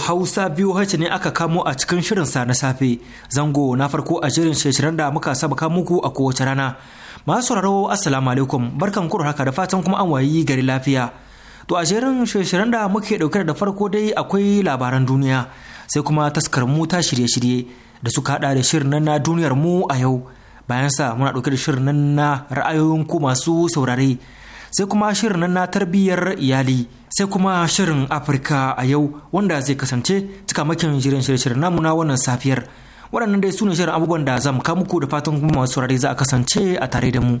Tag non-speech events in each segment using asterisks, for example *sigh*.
Hausa biyu hace ne aka kamo a cikin shirin sa na safe. Zango na farko a shirin shirin da muka saba muku a kowace rana. Masu sauraro Assalamu alaikum barkan ku haka da fatan kuma an wayi gari lafiya. To a jerin shirin da muke ɗauke da farko dai akwai labaran duniya sai kuma taskar mu ta shirye-shirye da suka hada da shirin na duniyar mu a yau. Bayan sa muna ɗauke da shirin na ra'ayoyin ku masu saurare. sai kuma shirin na tarbiyyar iyali sai kuma shirin afirka a yau wanda zai kasance cikamakin shirin shirye-shiryen namu na wannan safiyar waɗannan dai su ne shirin abubuwan da zan muku da fatan kuma masu za a kasance a tare da mu.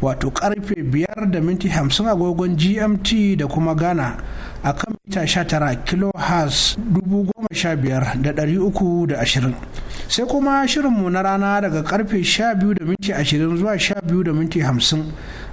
wato karfe 5 da minti 50 agogon gmt da kuma ghana a kan mita 19 da 15320 sai kuma shirinmu na rana daga karfe 12 da minti 20 zuwa 12 da minti 50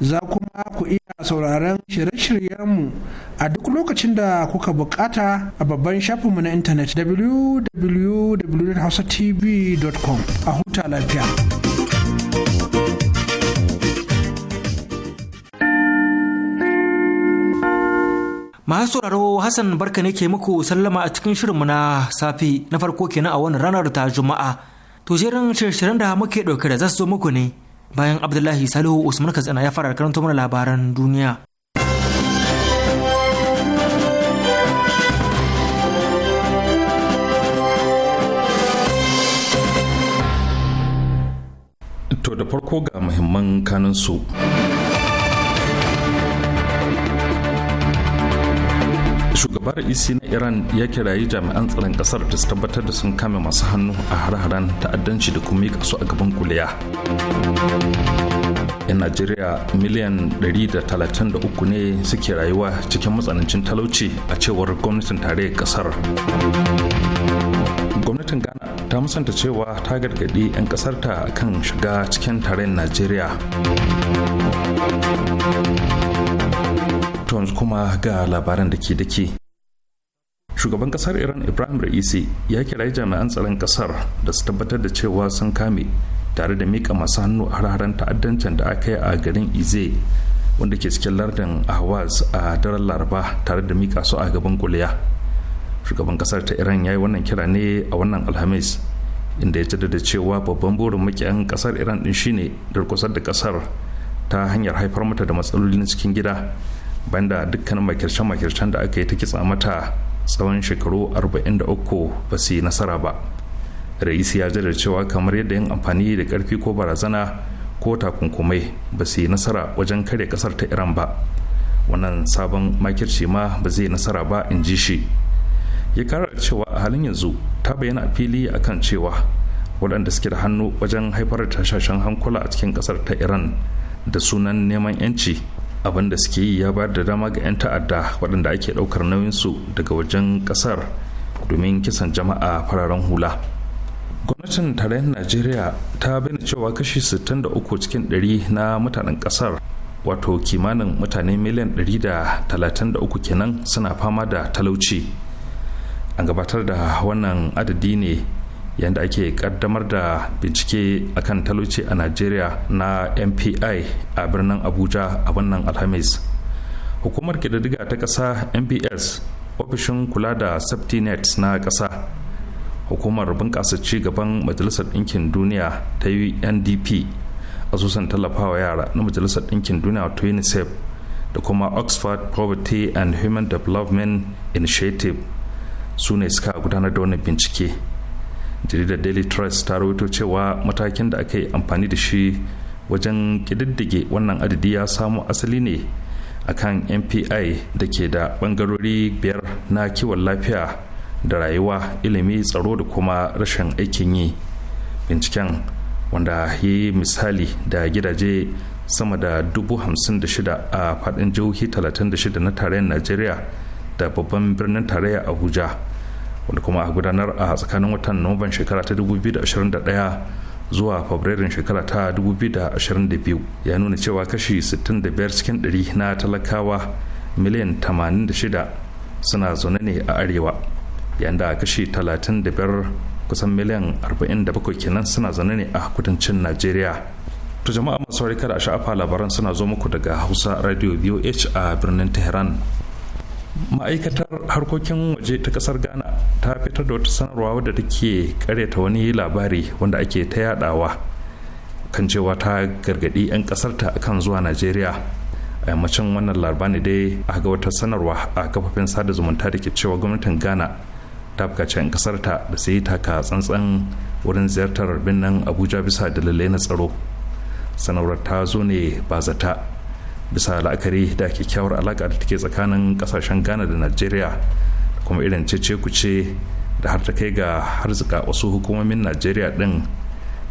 za kuma ku iya sauraron shirye-shiryenmu a duk lokacin da kuka bukata a babban shafinmu na intanet www.hausatv.com a huta lafiya. masu sauraro Hassan barka ne ke muku sallama a cikin shirinmu na safe na farko kenan a wani ranar ta Juma'a. To shirin shirye da muke ɗauke da zasu zo muku ne. bayan abdullahi salihu usman katsina ya fara karanta mana labaran duniya to da farko ga muhimman kanin su shugabar raisi e na iran ya kirayi jami'an tsaron kasar da su tabbatar da sun kame masu hannu a har-haren ta'addanci da kuma su a gaban kuliya yan najeriya miliyan 133 ne suke rayuwa cikin matsanancin talauci a cewar gwamnatin tarayyar kasar gwamnatin ghana ta musanta cewa ta gargaɗi 'yan kasarta kan shiga cikin tarayyar najeriya to yanzu kuma ga labaran da ke dake shugaban kasar iran ibrahim ra'isi ya kirayi jami'an tsaron kasar da su tabbatar da cewa sun kame tare da mika masu hannu a hararen ta'addancin da aka yi a garin ize wanda ke cikin lardin ahwaz a daren laraba tare da mika su a gaban kuliya shugaban kasar ta iran ya yi wannan kira ne a wannan alhamis inda ya jaddada cewa babban burin makiyan kasar iran din shine durkusar da kasar ta hanyar haifar mata da matsalolin cikin gida banda dukkanin makirce-makircen da aka yi ta kitsa mata tsawon shekaru 43 ba su yi nasara ba rais ya jira cewa kamar yadda yin amfani da karfi ko barazana ko takunkumai ba su yi nasara wajen kare kasar ta iran ba wannan sabon makirci ma ba zai nasara ba in ji shi ya kara cewa a halin yanzu ta bayyana a fili akan cewa waɗanda suke da hannu wajen haifar da tashashen hankula a cikin kasar ta iran da sunan neman 'yanci abin da suke yi ya ba da dama ga 'yan ta'adda waɗanda ake ɗaukar nauyinsu daga wajen ƙasar domin kisan jama'a fararen hula gwamnatin tarayyar najeriya ta bayyana cewa kashi 63 cikin 100 na mutanen ƙasar wato kimanin mutane miliyan 133 kenan suna fama da talauci an gabatar da wannan adadi ne yadda ake kaddamar da bincike akan talauci a najeriya na mpi a birnin abuja a wannan alhamis hukumar kididdiga ta ƙasa mps ofishin kula da safety net na ƙasa hukumar bunƙasa ci gaban majalisar ɗinkin duniya ta undp asusun tallafawa yara na majalisar ɗinkin duniya ta unicef da kuma oxford poverty and human development initiative su ne suka gudanar da wani bincike jaridar daily trust ta rawaito cewa matakin da aka yi amfani da shi wajen kididdige wannan adadi ya samo asali ne akan mpi da ke da bangarori biyar na kiwon lafiya da rayuwa ilimi tsaro da kuma rashin aikin yi binciken wanda ya yi misali da gidaje sama da dubu a faɗin jihohi 36 na tarayyar najeriya da babban birnin tarayya abuja wanda kuma a gudanar a tsakanin watan nuwamban shekara ta 2021 zuwa fabrairun shekara ta 2022 ya nuna cewa kashi 65 cikin 100 na talakawa miliyan 86 suna zaune ne a arewa yadda kashi 35 kusan miliyan 47 kenan suna zaune ne a kudancin najeriya to jama'a masu kada a sha'afa labaran suna zo muku daga hausa radio voh a birnin tehran ma'aikatar harkokin waje ta kasar ghana ta fitar da wata sanarwa wadda take karyata wani labari wanda ake ta yadawa kan cewa ta gargadi 'yan kasarta akan zuwa najeriya a yammacin wannan ne dai a ga wata sanarwa a kafafen sada zumunta da ke cewa gwamnatin ghana ta bukaci 'yan kasarta da sai ta taka tsantsan wurin ziyartar birnin abuja bisa dalilai na tsaro sanarwar ta zo ne ba zata bisa la'akari da kyakkyawar alaƙa da take tsakanin ƙasashen ghana da najeriya da kuma irin cece kuce da har ta kai ga harzika wasu hukumomin najeriya ɗin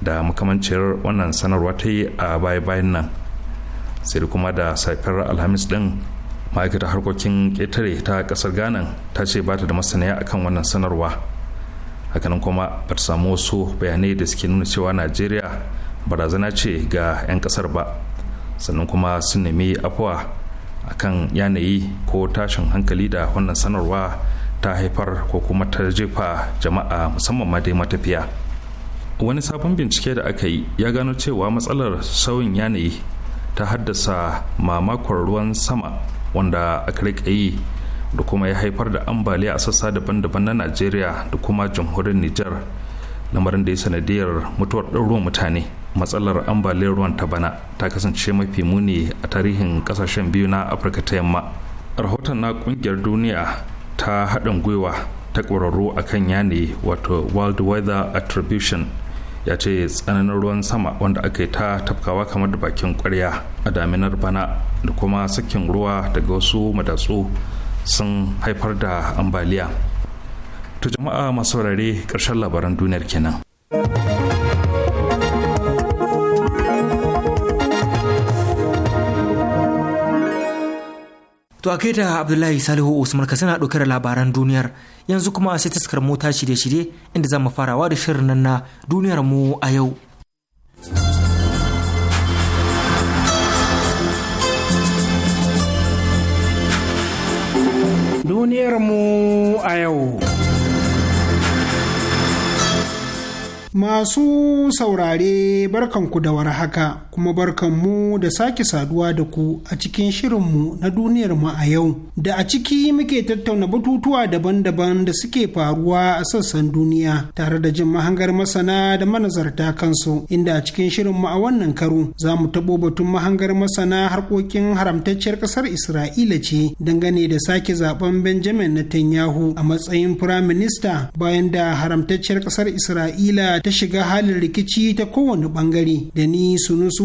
da makamanciyar wannan sanarwa ta yi a baya-bayan nan sai da kuma da safiyar alhamis ɗin ma'aikatar harkokin ƙetare ta ƙasar ghana ta ce ba ta da masaniya akan wannan sanarwa hakanan kuma ba ta samu wasu bayanai da suke nuna cewa najeriya barazana ce ga 'yan ƙasar ba sannan kuma sun nemi afuwa kan yanayi ko tashin hankali da wannan sanarwa ta haifar ko kuma ta jefa jama'a musamman ma dai matafiya wani sabon bincike da aka yi ya gano cewa matsalar sauyin yanayi ta haddasa mamakon ruwan sama wanda aka rika yi da kuma ya haifar da ambaliya a sassa daban-daban na najeriya da kuma jamhuriyar nijar lamarin da ya sanadiyar mutuwar ruwan mutane matsalar ambaliyar ruwan ta bana ta kasance mafi muni a tarihin kasashen biyu na afirka ta yamma rahoton na kungiyar duniya ta haɗin gwiwa ta ƙwararru a kan yane wato world weather attribution ya ce tsananin ruwan sama wanda aka yi ta tafkawa kamar da bakin kwarya a daminar bana da kuma sakin ruwa daga wasu madatsu sun haifar da ambaliya To jama'a masu saurare ƙarshen labaran duniyar kenan. To a da Abdullahi Salihu Usman ka suna ɗauke da labaran duniyar yanzu kuma sai taskar mota shirye-shirye inda za mu farawa da shirin nan na duniyar mu a yau. Duniyar mu a yau. Masu saurare barkanku da warhaka. haka. kuma barkan mu da sake saduwa da ku a cikin shirinmu na duniyarmu a yau da a ciki muke tattauna batutuwa daban-daban da suke faruwa a sassan duniya tare da jin mahangar masana da manazarta kansu inda a cikin shirinmu a wannan karo za mu taɓo batun mahangar masana harkokin haramtacciyar kasar isra'ila ce dangane da sake zaben benjamin netanyahu a matsayin firaminista bayan da haramtacciyar ƙasar isra'ila ta shiga halin rikici ta kowane bangare da ni sunusu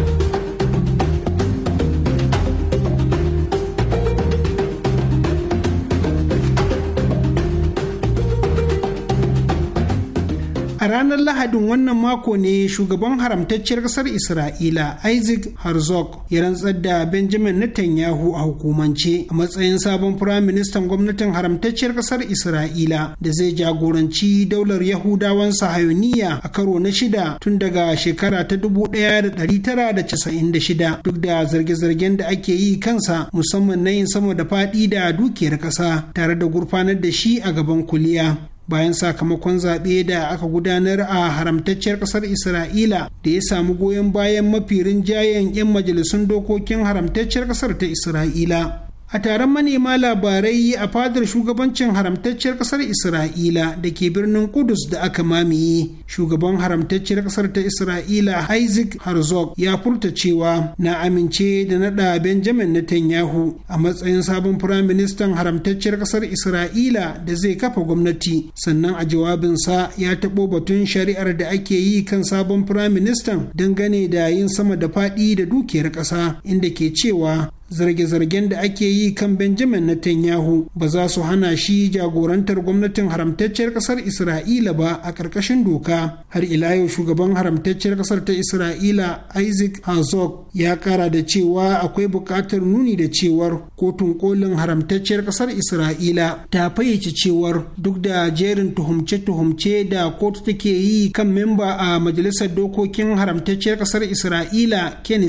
ranar Lahadin wannan mako ne shugaban haramtacciyar ƙasar Isra'ila Isaac Herzog ya rantsar da Benjamin Netanyahu a hukumance a matsayin sabon firaministan gwamnatin haramtacciyar ƙasar Isra'ila da zai jagoranci daular Yahudawan sahayoniya a karo na shida tun daga shekara ta 1996 duk da zarge-zargen da ake yi kansa musamman na yin sama da faɗi da dukiyar ƙasa tare da gurfanar da shi a gaban kuliya. bayan sakamakon zaɓe da aka gudanar a haramtacciyar ƙasar isra'ila da ya samu goyon bayan mafi rinjayen 'yan majalisun dokokin haramtacciyar ƙasar ta isra'ila a taron manema labarai a fadar shugabancin haramtacciyar kasar isra'ila da ke birnin kudus da aka mamaye shugaban haramtacciyar kasar ta isra'ila isaac herzog ya furta cewa na amince da nada benjamin netanyahu a matsayin sabon firaministan haramtacciyar kasar isra'ila da zai kafa gwamnati sannan a jawabinsa ya taɓo batun shari'ar da ake yi kan sabon firaministan dangane da yin sama da faɗi da dukiyar ƙasa inda ke cewa zarge-zargen da ake yi kan benjamin netanyahu ba za su hana shi jagorantar gwamnatin haramtacciyar kasar isra'ila ba a ƙarƙashin doka har ila yau shugaban haramtacciyar kasar ta isra'ila isaac herzog ya kara da cewa akwai buƙatar nuni da cewar kotun kolin haramtacciyar kasar isra'ila ta fayyace cewar duk da jerin tuhumce-tuhumce da kotu take yi kan memba a majalisar dokokin haramtacciyar kasar isra'ila kenny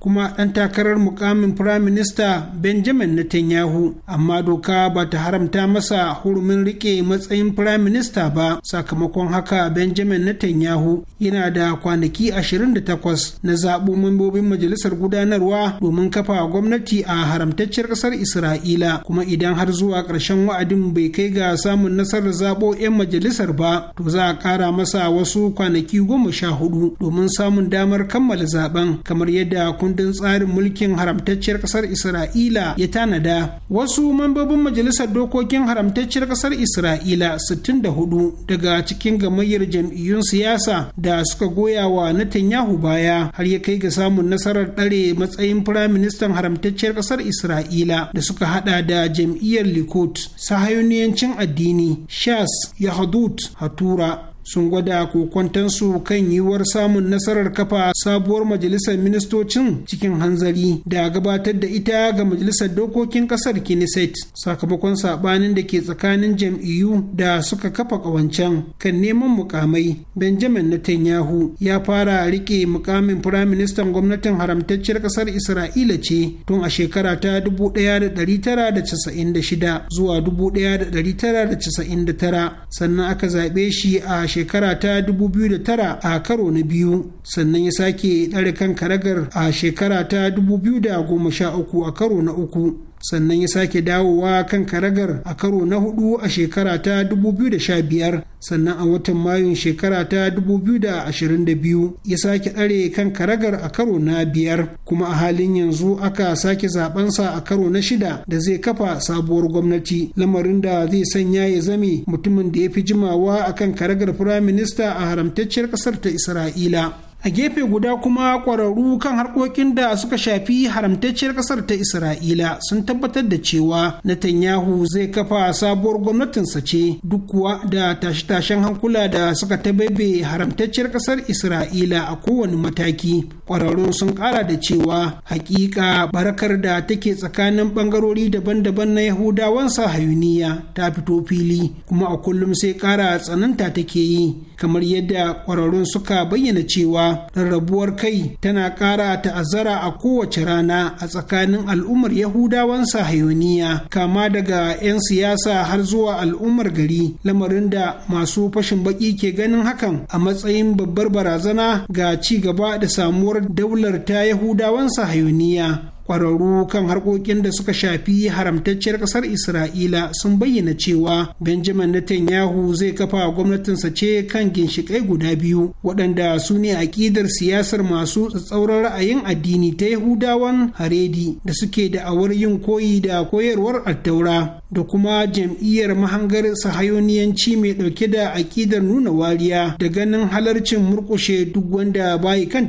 kuma ɗan takarar mukamin firayim Firaminista Benjamin Netanyahu, amma doka ba ta haramta masa hurumin rike matsayin Firaminista ba, sakamakon haka Benjamin Netanyahu yana da kwanaki 28 na zaɓo membobin majalisar gudanarwa domin kafa gwamnati a haramtacciyar ƙasar Isra'ila, kuma idan har zuwa ƙarshen wa'adin bai kai ga samun nasarar zaɓo 'yan majalisar ba, to za a ƙara masa wasu kwanaki goma sha hudu domin samun damar kammala zaben kamar yadda kundin tsarin mulkin haramtacciyar kasar isra'ila ya tanada wasu mambobin majalisar dokokin haramtacciyar kasar isra'ila 64 daga cikin gamayyar jam'iyyun siyasa da suka goya wa netanyahu baya har ya kai ga samun nasarar ɗare matsayin firaministan haramtacciyar kasar isra'ila da suka haɗa da jam'iyyar likud sahayoniyancin addini shas yahudut hatura sun gwada kokontansu kan yiwuwar samun nasarar kafa sabuwar majalisar ministocin cikin hanzari da gabatar da ita ga majalisar dokokin kasar kiniset sakamakon sabanin da ke tsakanin jam'iyyu da suka kafa ƙawancen kan neman mukamai benjamin netanyahu ya fara rike mukamin firaministan gwamnatin haramtacciyar kasar isra'ila ce tun a shekara ta 1996 zuwa 1999 sannan aka zaɓe shi a shekara ta 2009 a karo na biyu sannan ya sake ɗare kan karagar a shekara ta 2013 a karo na uku sannan ya sake dawowa kan karagar a karo na hudu a shekara ta 2015 sannan a watan mayun shekara ta 2022 ya sake tsare kan karagar a karo na biyar kuma a halin yanzu aka sake zabansa a karo na shida da zai kafa sabuwar gwamnati lamarin da zai sanya ya zame mutumin da ya fi jimawa a kan karagar firaminista a haramtacciyar ƙasar ta isra'ila a gefe guda kuma kwararru kan harkokin da suka shafi haramtacciyar kasar ta isra'ila sun tabbatar da cewa netanyahu zai kafa sabuwar gwamnatinsa ce duk kuwa da tashe-tashen hankula da suka tabaibe haramtacciyar kasar isra'ila a kowane mataki kwararru sun kara da cewa hakika barakar da take tsakanin bangarori daban-daban na yahudawan sahayuniya ta fito fili kuma a kullum sai kara tsananta take yi kamar yadda kwararrun suka bayyana cewa rarrabuwar kai tana ƙara ta'azzara a kowace rana a tsakanin al'ummar yahudawan sahayoniya kama daga 'yan siyasa har zuwa al'ummar gari lamarin da masu fashin baki ke ganin hakan a matsayin babbar barazana ga ci gaba da samuwar daular ta yahudawan sahayoniya kwararru kan harkokin da suka shafi haramtacciyar kasar isra'ila sun bayyana cewa benjamin netanyahu zai kafa gwamnatinsa ce kan ginshikai guda biyu waɗanda su ne aƙidar siyasar masu tsatsauran ra'ayin addini ta yahudawan haredi da suke da awar yin koyi da koyarwar attaura da kuma jam'iyyar mahangar sahayoniyanci mai ɗauke da aƙidar nuna wariya da ganin halarcin murƙushe duk wanda bayi kan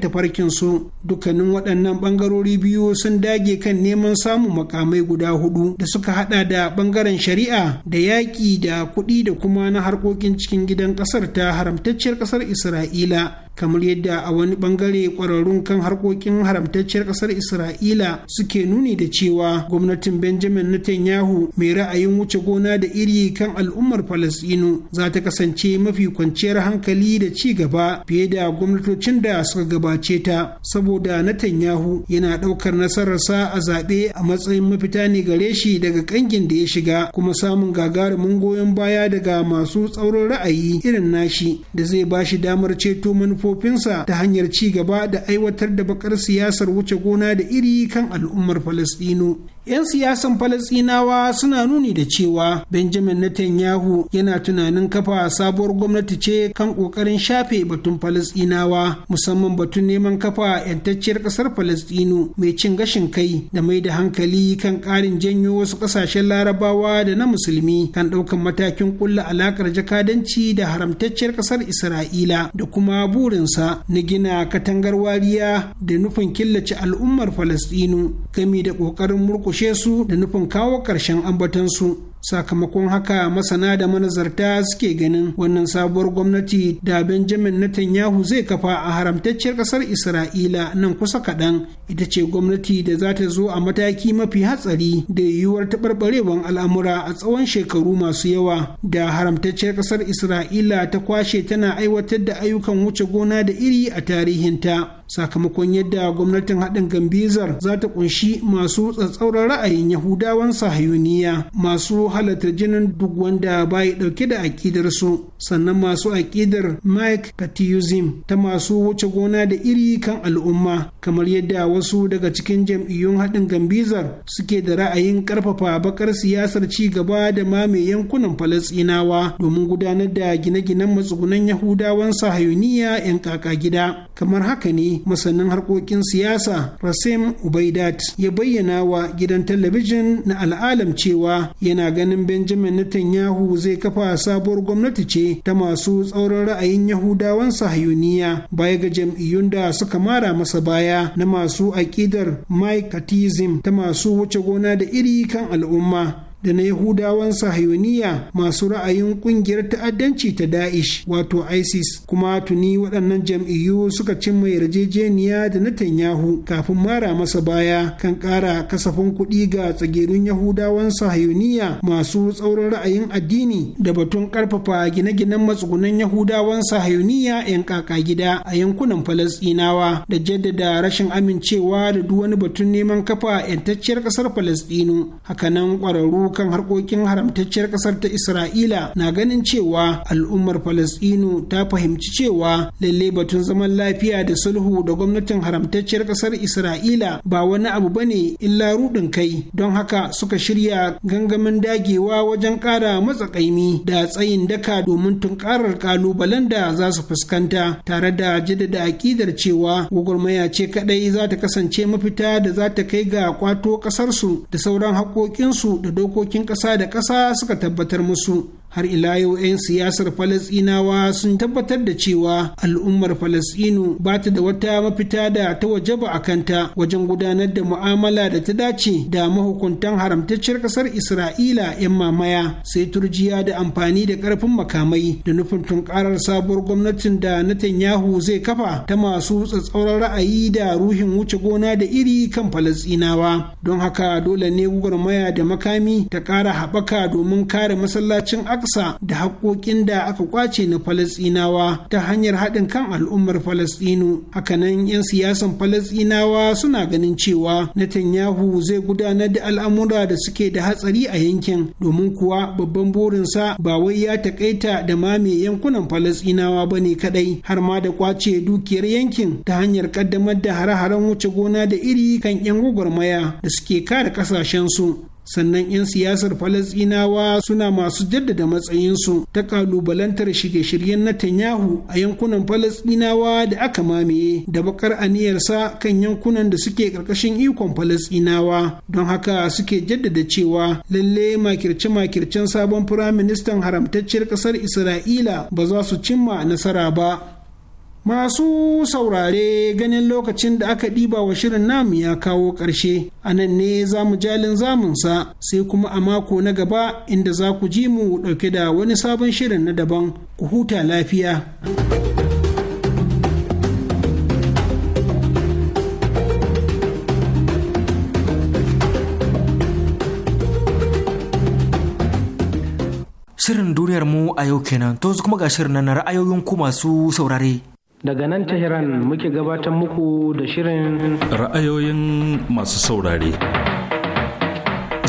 su, dukkanin waɗannan ɓangarori biyu sun da dage kan neman samun makamai guda hudu da suka hada da bangaren shari'a da yaƙi da kuɗi da kuma na harkokin cikin gidan ƙasar ta haramtacciyar ƙasar isra'ila kamar yadda a wani bangare kwararrun kan harkokin haramtacciyar kasar isra'ila suke nuni da cewa gwamnatin benjamin netanyahu mai ra'ayin wuce gona da iri kan al'ummar falasɗinu za ta kasance mafi kwanciyar hankali da ci gaba fiye da gwamnatocin da suka gabace ta saboda netanyahu yana ɗaukar nasararsa a zaɓe a matsayin mafita ne gare shi daga kangin da ya shiga kuma samun gagarumin goyon baya daga masu tsaurin ra'ayi irin nashi da zai ba shi damar ceto manufo manufofinsa ta hanyar ci gaba da aiwatar da bakar siyasar wuce gona da iri kan al'ummar Falasɗinu. 'Yan siyasan Falasɗinawa suna nuni da cewa Benjamin Netanyahu yana tunanin kafa sabuwar gwamnati ce kan ƙoƙarin shafe batun Falasɗinawa musamman batun neman kafa 'yantacciyar ƙasar Falasɗinu mai cin gashin kai da mai da hankali kan ƙarin janyo wasu ƙasashen larabawa da na musulmi kan ɗaukan matakin ƙulla alaƙar jakadanci da haramtacciyar ƙasar Isra'ila da kuma burinsa na gina katangar wariya da nufin killace al'ummar Falasɗinu gami da ƙoƙarin murƙushe murkushe su da nufin kawo ƙarshen ambatonsu. sakamakon haka masana da manazarta suke ganin wannan sabuwar gwamnati da benjamin netanyahu zai kafa a haramtacciyar kasar isra'ila nan kusa kaɗan ita ce gwamnati da za ta zo a mataki mafi hatsari da yiwuwar taɓarɓarewar al'amura a tsawon shekaru masu yawa da haramtacciyar kasar isra'ila ta kwashe tana aiwatar da ayyukan wuce gona da iri a tarihinta sakamakon yadda gwamnatin haɗin gambizar za ta kunshi masu tsatsauran ra'ayin yahudawan sahayuniya masu halatta jinin duk wanda bai ɗauke da aƙidar su sannan masu aƙidar mike katiyuzim ta masu wuce gona da iri kan al'umma kamar yadda wasu daga cikin jam'iyyun haɗin gambizar suke da ra'ayin ƙarfafa bakar siyasar ci gaba da mame yankunan falasɗinawa domin gudanar da gine-ginen matsugunan yahudawan sahayuniya 'yan kaka gida kamar haka ne masannin masanin harkokin siyasa rasim ubaidat ya bayyana wa gidan talabijin na al'alam cewa yana ganin benjamin netanyahu zai kafa sabuwar gwamnati ce ta masu tsauran ra'ayin yahudawan sahayuniya baya ga jam'iyyun da suka mara masa baya na masu aƙidar mike ta masu wuce gona da iri kan al'umma da na Yahudawan Sahayuniya masu ra'ayin kungiyar ta'addanci ta Da'ish wato ISIS kuma tuni waɗannan jam'iyyu suka cimma yarjejeniya da Netanyahu kafin mara masa baya kan ƙara kasafin kuɗi ga tsagerun Yahudawan Sahayuniya masu tsaurin ra'ayin addini da batun ƙarfafa gine-ginen matsugunan Yahudawan Sahayuniya 'yan kaka gida a yankunan Falasɗinawa da jaddada rashin amincewa da duk wani batun neman kafa 'yantacciyar ƙasar Falasɗinu hakanan ƙwararru shawo kan harkokin haramtacciyar ƙasar ta isra'ila na ganin cewa al'ummar Falasɗinu ta fahimci cewa lalle batun zaman lafiya da sulhu da gwamnatin haramtacciyar ƙasar isra'ila ba wani abu bane illa rudin kai don haka suka shirya gangamin dagewa wajen ƙara matsakaimi da tsayin daka domin tunkarar ƙalubalen da za su fuskanta tare da jaddada aƙidar cewa gwagwarmaya ce kaɗai za ta kasance mafita da za ta kai ga kwato ƙasarsu da sauran haƙoƙinsu da dokokin dokokin ƙasa da ƙasa suka tabbatar musu har ila yau 'yan siyasar falasinawa sun tabbatar da cewa al'ummar falasinu ba ta da wata mafita da ta waje ba a kanta wajen gudanar da mu'amala da ta dace da mahukuntan haramtacciyar ƙasar isra'ila 'yan mamaya sai turjiya da amfani da ƙarfin makamai da nufin tunkarar sabuwar gwamnatin da netanyahu zai kafa ta masu tsatsauran ra'ayi da ruhin wuce gona da iri kan falasinawa don haka dole ne gwagwarmaya da makami ta kara haɓaka domin kare masallacin Aqsa da haƙoƙin da aka kwace na Falasɗinawa ta hanyar haɗin kan al'ummar Falasɗinu. Hakanan 'yan siyasan Falasɗinawa suna ganin cewa Netanyahu zai gudanar da al'amura da suke da hatsari a yankin domin kuwa babban burinsa ba wai ya takaita da mame yankunan Falasɗinawa ba ne kaɗai har ma da kwace dukiyar yankin ta hanyar ƙaddamar da hare-haren wuce gona da iri kan 'yan gwagwarmaya da suke kare ƙasashensu. sannan 'yan siyasar falasɗinawa suna masu jaddada matsayinsu ta kalubalantar shirye-shiryen Netanyahu a yankunan falasɗinawa da aka mamaye da bakar aniyarsa kan yankunan da suke ƙarƙashin ikon falasɗinawa don haka suke jaddada cewa lalle makirce-makircen sabon firaministan haramtacciyar ƙasar isra'ila ba za su cimma nasara ba Masu saurare ganin lokacin da aka ɗiba wa shirin namu ya kawo ƙarshe, a nan ne za mu jalin zamunsa sai kuma a mako na gaba inda za ku ji mu ɗauke da wani sabon shirin na daban ku huta lafiya. Shirin duniyar mu a yau kenan, to kuma ga shirin na ra'ayoyin ku masu saurare. Daga nan Tehran muke gabatar muku da shirin ra'ayoyin masu saurare.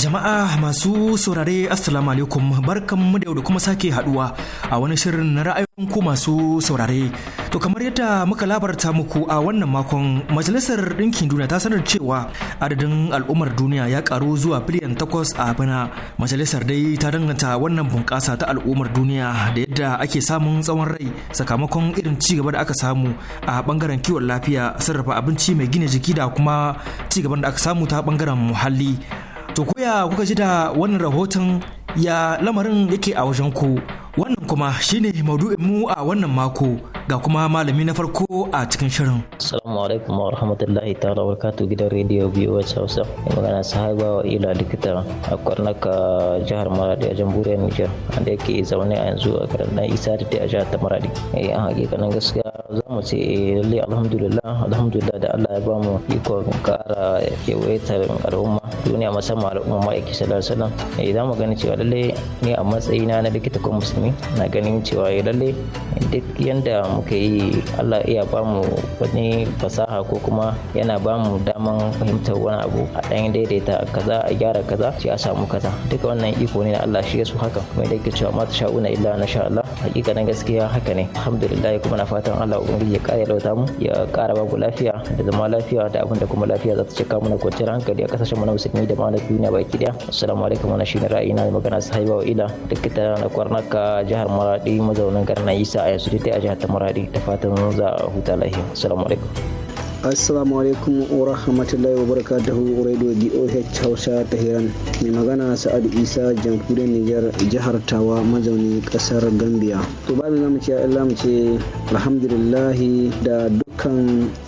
Jama'a masu saurare Assalamu alaikum mu da yau da kuma sake haduwa a wani shirin na ra'ayoyin ku masu saurare. To kamar yadda muka labarta muku a wannan makon Majalisar Ɗinkin Duniya ta sanar cewa adadin al'ummar duniya ya karu zuwa biliyan takwas a bana. Majalisar dai ta danganta wannan bunƙasa ta al'ummar duniya da yadda ake samun tsawon rai sakamakon irin ci gaba da aka samu a bangaren kiwon lafiya sarrafa abinci mai gina jiki da kuma ci gaban da aka samu ta bangaren muhalli. To kuya kuka ji da wannan rahoton ya lamarin yake a wajen ku wannan kuma shine maudu'in mu a wannan mako ga kuma malami na farko a cikin shirin. Assalamu alaikum wa rahmatullahi ta'ala wa gidan rediyo biyu wacce Hausa. Magana sahaba wa ila likita a kwarnaka jihar Maradi a jamhuriyar Nijar wanda yake zaune a yanzu a garin na Isa da a jihar ta Maradi. Eh a hakikanin gaskiya za mu ce eh, lalle alhamdulillah alhamdulillah da Allah ya ba mu ikon kara yawaitar al'umma duniya musamman al'umma ma'aiki sallallahu alaihi eh, za mu gani cewa lalle ni a matsayina na likita ko musulmi na ganin cewa lalle duk yanda mu muke yi allah iya ba mu wani fasaha ko kuma yana ba mu daman fahimtar wani abu a ɗan daidaita kaza a gyara kaza sai a samu kaza duka wannan iko ne na allah shi ya su haka kuma da yake ma ta sha'una illa na sha allah hakika na gaskiya haka ne alhamdulillah kuma na fatan allah ubangiji ya kare lauta mu ya kara ba ku lafiya da zama lafiya da abin kuma lafiya za ta cika mana kwanciyar hankali a kasashen mu na musulmi da ma na duniya baki daya assalamu alaikum wannan shine ra'ayina da magana sahiba wa ila dukkan na kwarnaka jihar maradi mazaunin garin isa a yanzu dai a jihar tamar maradi da fatan za a huta lafiya assalamu alaikum assalamu alaikum wa rahmatullahi wa barakatuhu radio doh hausa ta hiran mai magana sa'adu isa jamhuriyar niger jihar tawa mazauni kasar gambia to babu zamu ce allah ce alhamdulillahi da duk kan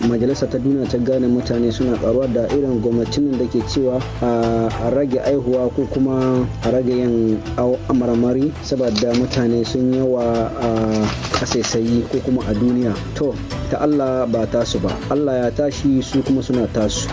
majalisa ta duniya ta gane mutane suna karuwa da irin gwamnatin da ke cewa a rage aihuwa ko kuma a rage yin maramari saboda mutane sun yawa a kasaisayi ko kuma a duniya to ta allah ba tasu ba allah ya tashi su kuma suna tasu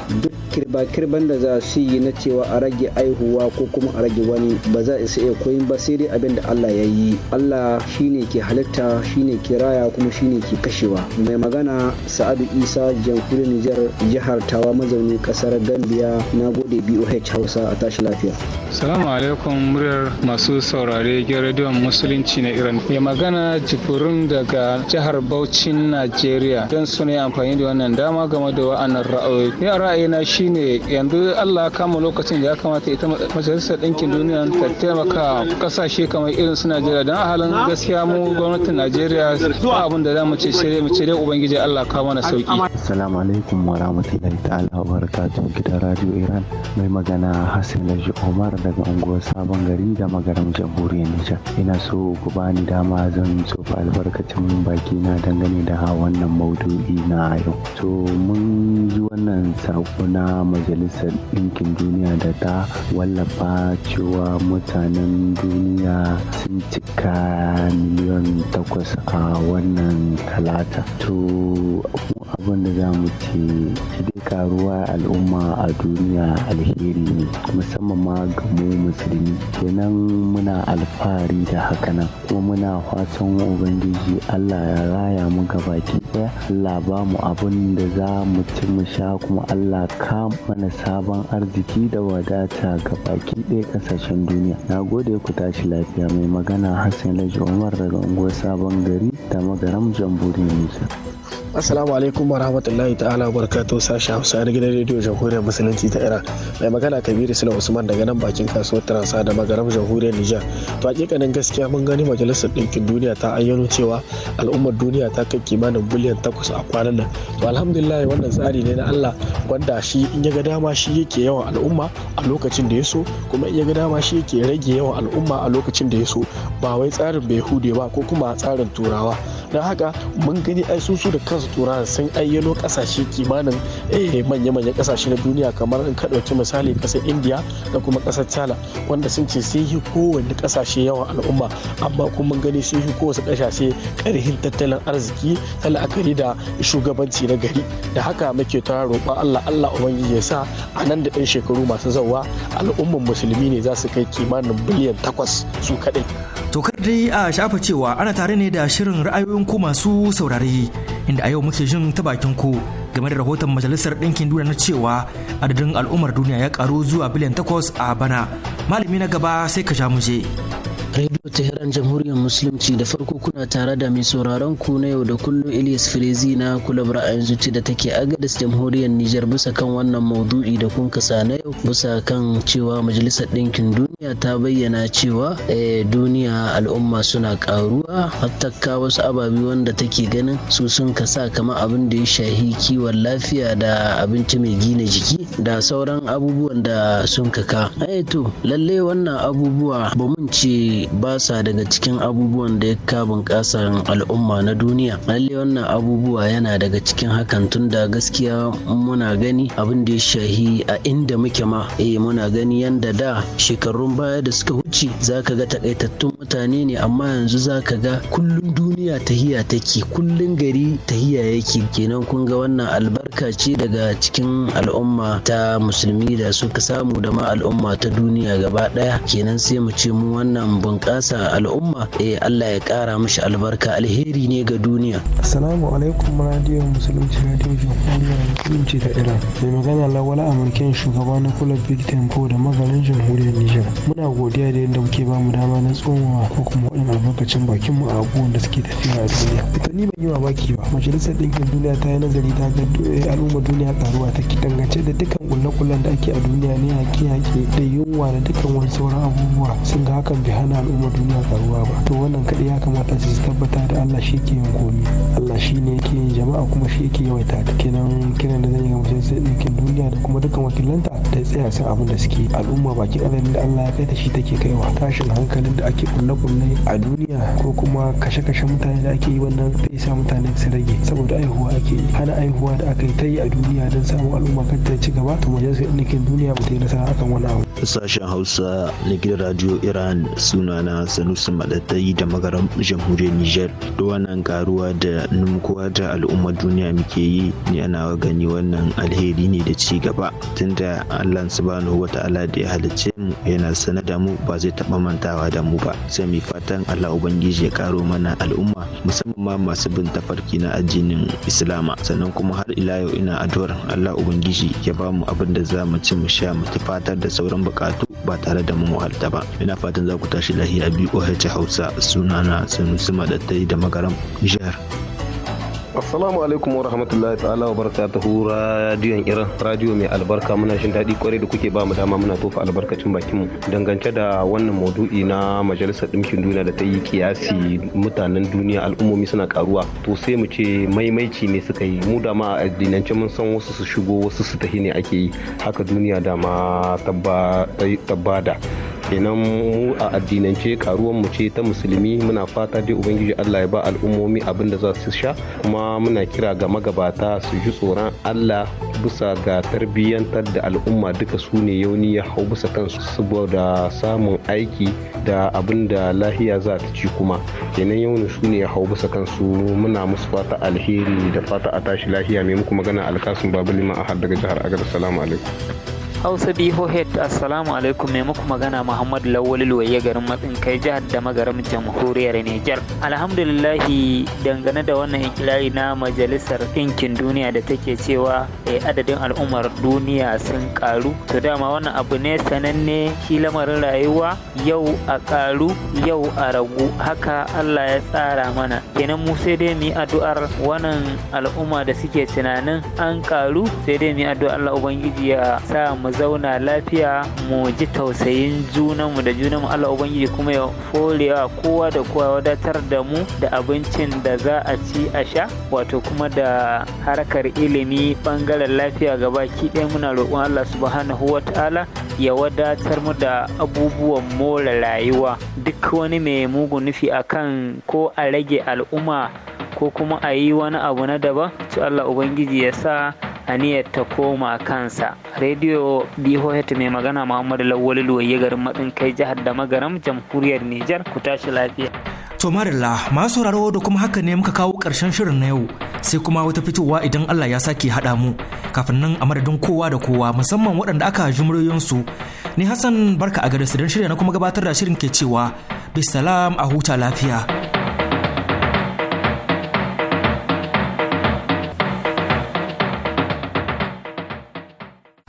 kirba-kirban da za su yi na cewa a rage aihuwa ko kuma a rage wani ba za isa iya koyin ba sai dai abin da Allah ya yi Allah shine ke halitta shine ke raya kuma shine ke kashewa mai magana sa'adu isa jamhuriyar nijar jihar tawa mazauni kasar gambia na gode boh hausa a tashi lafiya salamu alaikum muryar masu saurare rediyon musulunci na iran mai magana jifurin daga jihar bauchin najeriya don su ne amfani da wannan dama game da wa'annan ra'ayoyi na shi shine yanzu Allah kama lokacin da ya kamata ita majalisar ɗinkin duniya ta taimaka kasashe kamar irin su Najeriya don halin gaskiya mu gwamnatin Najeriya ba abin da za mu ce sai mu ce dai ubangiji Allah kama na sauki. Assalamu alaikum wa rahmatullahi ta'ala wa barakatuh gidan Radio Iran mai magana Hassan Laji Omar daga unguwar Sabon Gari da magaram jamhuriyar Nijar. Ina so ku bani dama zan tsofa albarkacin baki na dangane da wannan maudu'i na yau. To mun ji wannan sako na majalisar ɗinkin duniya da ta wallafa cewa mutanen duniya sun cika miliyan takwas a wannan talata to abin da za mu ce shi dai karuwa al'umma a duniya alheri ne musamman ma ga mu musulmi kenan muna alfahari da hakanan kuma muna fatan ubangiji allah ya raya mu gabaki daya allah ba mu abin da za mu ci mu sha kuma allah ka mana sabon arziki da wadata ga baki ɗaya ƙasashen duniya na gode ku tashi lafiya mai magana hassan laji umar daga unguwar sabon gari da magaram jamhuriyar nijar Assalamu alaikum wa rahmatullahi ta'ala wa barakatuh sashen Hausa na gidan rediyo Jamhuriyar Musulunci ta Iran. Mai magana Kabiru Sula Usman daga nan bakin kasuwar Transa da Magaram Jamhuriyar Nijar. To hakikanin gaskiya mun gani majalisar ɗinkin duniya ta ayyano cewa al'ummar duniya ta kai kimanin biliyan takwas a kwanan nan. To alhamdulillah wannan tsari ne na Allah wanda shi in ya ga dama shi yake yawan al'umma a lokacin da ya so kuma in ya ga dama shi yake rage yawan al'umma a lokacin da ya so ba wai tsarin bai hude ba ko kuma tsarin turawa. Don haka mun gani ai su da kansu nasu tura sun ayyano kasashe kimanin eh, manya-manyan kasashe na duniya kamar in ka ɗauki misali ƙasar indiya da kuma kasar chala wanda sun ce sun yi kowanne kasashe yawan al'umma amma kuma gani sun yi kowace kasashe karhin tattalin arziki ta la'akari da shugabanci na gari da haka muke tara roƙon allah allah ubangiji ya sa a nan da ɗan shekaru masu zauwa al'umman musulmi ne za su kai kimanin biliyan takwas su kaɗai. to kar dai a shafa cewa ana tare ne da shirin ra'ayoyin ku masu saurari inda yau muke jin ta bakin ku game da rahoton Majalisar Ɗinkin Duniya na cewa adadin al'ummar duniya ya karu zuwa biliyan takwas a bana. Malami na gaba sai ka ja muje Radio Tehran Jamhuriyar Musulunci da farko kuna tare da mai sauraron ku na yau da kullum Elias Firezi na kula a yanzu da take Agadis Jamhuriyar Nijar bisa kan wannan maudu'i da kun kasa na yau bisa kan cewa Majalisar Ɗinkin Duniya ta bayyana cewa eh, duniya al'umma suna karuwa hatta wasu ababe wanda take ganin su sun kasa kamar abin da ya shahi kiwon lafiya da abinci mai gina jiki da sauran abubuwan da sun kaka. Eh, to lalle wannan abubuwa ba mun ce basa ba sa daga cikin abubuwan da ya ka kasarin al'umma na duniya lalle wannan abubuwa yana daga cikin hakan tun da gaskiya muna gani abin da ya shahi a inda muke ma eh muna gani yanda da shekarun baya da suka wuce zaka ga takaitattun mutane ne amma yanzu zaka ga kullum duniya tahiya take kullum gari tahiya yake kenan kun ga wannan albarka ce daga cikin al'umma ta musulmi da suka samu da ma al'umma ta duniya gaba daya kenan sai mu ce mu wannan bunƙasa al'umma eh Allah ya ƙara mashi albarka alheri ne ga duniya assalamu alaikum radio musulunci radio jamhuriyar musulunci da iran mai magana lawala amurken shugaba na kula big tempo da maganin jamhuriyar nijar muna godiya da yadda muke bamu dama na tsomawa ko kuma waɗin albarkacin bakin mu a abubuwan da suke tafiya a duniya ita ni ban yi baki ba majalisar ɗinkin duniya ta yi nazari ta ga eh, al'umma duniya karuwa ki dangance da dukkan kulle-kullen da ake a duniya ne haƙi-haƙi da yunwa da dukkan wani sauran abubuwa sun ga hakan bai hana al'ummar duniya faruwa ba to wannan kaɗai ya kamata su tabbata da Allah shi ke yin komi Allah shi ne yake yin jama'a kuma shi yake yawaita ta kenan kiran da zan yi ga majalisar ɗinkin duniya da kuma dukkan wakilanta da tsaya san abin da suke al'umma baki ɗarin da Allah ya kai ta shi take kaiwa tashin hankalin da ake kunna kunne a duniya ko kuma kashe-kashe mutane da ake yi wannan zai sa mutane su rage saboda aihuwa ake yi hana aihuwa da aka yi ta yi a duniya don samun al'umma kan ta ci gaba to majalisar ɗinkin duniya ba ta yi nasara akan wani abu. sashen hausa na gidan radio iran suna sunana sanusi maɗatai da magaran jamhuriyar nijar da wannan karuwa da numkuwa da al'ummar duniya muke yi ni ana gani wannan alheri ne da ci gaba tunda allah subhanahu wa ta'ala da ya halicce mu yana sanar da mu ba zai taba mantawa da mu ba sai mai fatan allah ubangiji ya karo mana al'umma musamman ma masu bin tafarki na addinin islama sannan kuma har ila yau ina addu'ar allah ubangiji ya ba mu abin da za mu ci mu sha mu fatar da sauran bukatu ba tare da mun wahalta ba ina fatan za ku tashi lahiya biyu ohc hausa sunana sanusi madattai da magaram jihar Assalamu alaikum wa rahmatullahi ta'ala wa barka ta radiyon Iran radiyo mai albarka muna jin daɗi kwarai da kuke ba mu dama muna tofa albarkacin bakin mu dangance da wannan maudu'i na majalisar ɗinkin duniya da ta yi kiyasi mutanen duniya al'ummomi suna karuwa to sai mu ce maimaici ne suka yi mu dama a addinance mun san wasu su shigo wasu su tahi ne ake yi haka duniya dama tabbada kenan mu a addinance karuwan mu ce ta musulmi muna fata dai ubangiji Allah ya ba al'ummomi abin da za su sha kuma muna kira ga magabata su ji tsoron Allah bisa ga tarbiyyantar da al'umma duka su ne yauni ya hau bisa kansu saboda samun aiki da abin da lahiya za ta ci kuma kenan yauni su ne ya hau bisa kansu muna musu fata alheri da fata a tashi lahiya mai muku magana alkasun babu liman a har daga jihar agar salamu alaikum Hausa head Assalamu alaikum mai muku magana Muhammad Lawal ya garin matsin kai jihar da magaram jamhuriyar Niger. Alhamdulillahi dangane da wannan ikirari na majalisar ɗinkin duniya da take cewa eh, adadin al'ummar duniya sun karu. To dama wannan abu ne sananne shi lamarin rayuwa yau a karu yau a ragu haka Allah ya tsara mana. Kenan mu sai dai mu yi addu'ar wannan al'umma da suke tunanin an karu sai dai mu yi addu'ar Allah Ubangiji ya sa mu zauna lafiya mu ji tausayin junanmu da junanmu Allah Ubangiji kuma ya forewa kowa da kowa wadatar da mu da abincin da za a ci a sha wato kuma da harkar ilimi bangaren lafiya gaba ɗaya muna roƙon Allah subhanahu wa ta'ala ya wadatar mu da abubuwan more rayuwa duk wani mai mugun nufi akan ko a rage al'umma ko kuma a yi wani abu na daban to Allah Ubangiji ya sa aniyar ta koma kansa rediyo bihohet mai magana muhammadu lawali luwaye garin matsin kai jihar da magaram jamhuriyar nijar ku tashi lafiya to marilla masu sauraro da kuma haka ne muka kawo karshen shirin na yau sai kuma wata fitowa idan allah ya sake haɗa mu kafin nan a madadin kowa da kowa musamman waɗanda aka ji muryoyinsu ni hassan barka a gare su don shirya na kuma gabatar da shirin ke cewa bisalam a huta lafiya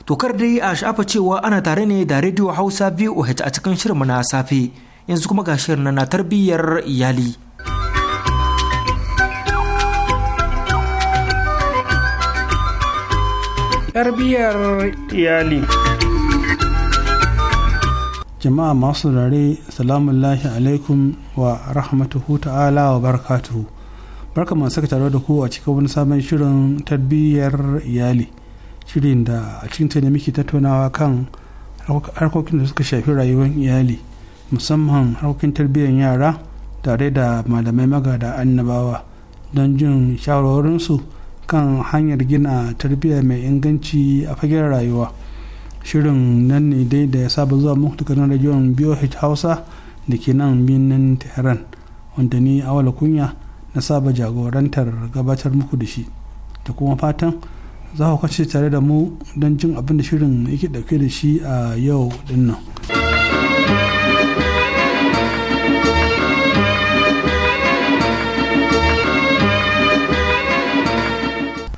Tokar dai a sha'afa cewa ana tare ne da Radio Hausa VOH a cikin shirin na safe yanzu kuma ga shirin na tarbiyyar iyali. Tarbiyyar iyali. Jama'a masu rare salamullahi alaikum wa rahmatuhu ta'ala wa barakatuhu. Barka masu tare da ku a cikin wani sabon shirin tarbiyyar iyali. shirin da a cikin ta ne muke tattaunawa kan harkokin da suka shafi rayuwar iyali musamman harkokin tarbiyyar yara tare da malamai magada annabawa don jin shawarwarinsu kan hanyar gina tarbiyya mai inganci a fagen rayuwa shirin nan ne dai da ya saba zuwa muku daga rajiyon boh hausa da ke nan birnin tehran wanda ni awala kunya na saba jagorantar gabatar muku da shi da kuma fatan za ku kashe tare da mu don jin abin da shirin yake dauke da shi a yau dinnan.